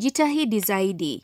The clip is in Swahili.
Jitahidi zaidi.